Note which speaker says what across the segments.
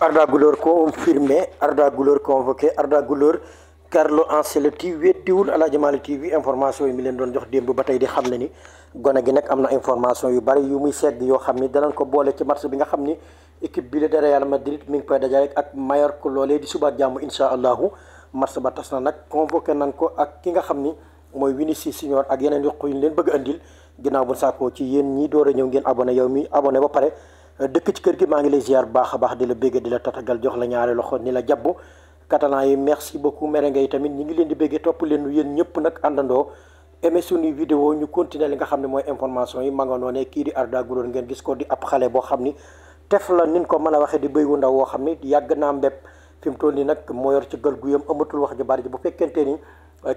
Speaker 1: Arda Güler confirmé Arda Güler convoqué Arda Güler Carlo Ancelotti weddiwul Aladji Malick TV information yi mi leen doon jox démb ba tey di xam ne ni gone gi nag am na information yu bari yu muy segg yoo xam ni danañ ko boole ci match bi nga xam ni équipe bi de de Real Madrid mi ngi koy dajale ak Mallorca loolee di suba jàmm incha allahu match ba tas na nag convoqué nan ko ak ki nga xam ni mooy Vinicius Junior ak yeneen yokku yu ñu leen bëgg a andil ginnaaw bu ci yéen ñii door a ngeen abonné yow mi abonné ba pare. dëkk ci kër gi maa ngi lay ziar baax a baax di la bégg di la tatagal jox la ñaari loxo ni la jàbbu catalan yi merci beaucoup merengue yi tamit ñi ngi leen di bégg topp leen yéen ñëpp nag àndandoo aimé suñuy vidéo ñu continuer li nga xam ne mooy information yi ma nga noonee kii di Arda Guler ngeen gis ko di ab xale boo xam ni tef la nin ko mën a waxee di béy wu ndaw woo xam ni yàgg naa mbépp fi mu toll nii nag moo yor ci gël gu yam amatul wax ju bari ji bu fekkente ni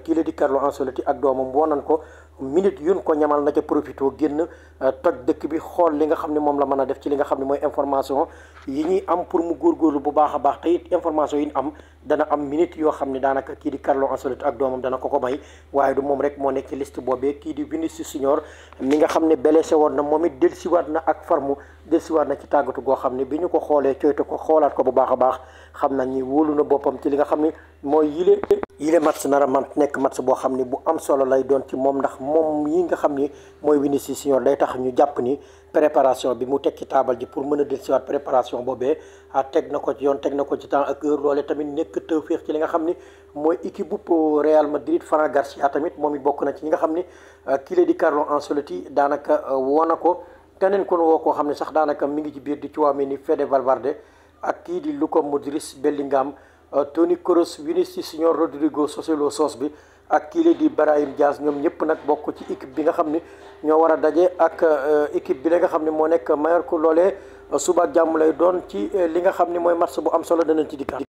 Speaker 1: kii la di Carlo Ancelotti ak doomam wonan ko minute yuñ ko ñamal na ca profité génn euh, toj dëkk bi xool li nga xam ne moom la mën a def ci li nga xam ne mooy information yi ñuy am pour mu góor góorlu bu baax baax te it information yi ñu am dana am minute yoo xam ne daanaka kii di Carlo Ancelotti ak doomam dana ko ko may waaye du moom rek moo nekk ci liste boobee kii di Vinicius Junior mi nga xam ne blessé woon na moom it dellusiwaat na ak farmu dellusiwaat na ci tàggatu goo xam ne bi ñu ko xoolee coyte ko xoolaat bu baax a baax xam nañ ni wóolu na boppam ci li nga xam ne mooy yile yile match nar man nekk match boo xam ne bu am solo lay doon ci moom ndax moom yi nga xam ni mooy Vinicius Junior day tax ñu jàpp ni préparation bi mu teg ci taabal ji pour mën a des dellusiwaat préparation boobee a ah, teg na ko ci yoon teg na ko ci temps ak heure loole tamit nekk tawféex ci li nga xam ni mooy équipe bu Real Madrid Fran Garcia tamit moom i bokk na ci ñi nga xam ni ah, kii di Carlo Ancelotti daanaka ah, woo na ko keneen kon woo koo xam ne sax daanaka mi ngi ci biir di Tchouaméni Fede Valverde ak kii di Luka Modric Bellingham Toni Kroos Vinicius Junior Rodrigo Socialo Sos bi ak kii di Brahim Diaz ñoom ñëpp nag bokk ci équipe bi nga xam ni ñoo war a daje ak euh, équipe bi la nga xam ne moo nekk Mallorca loole suba jàmm lay doon ci euh, li nga xam ni mooy match bu am solo dana ci dikkaat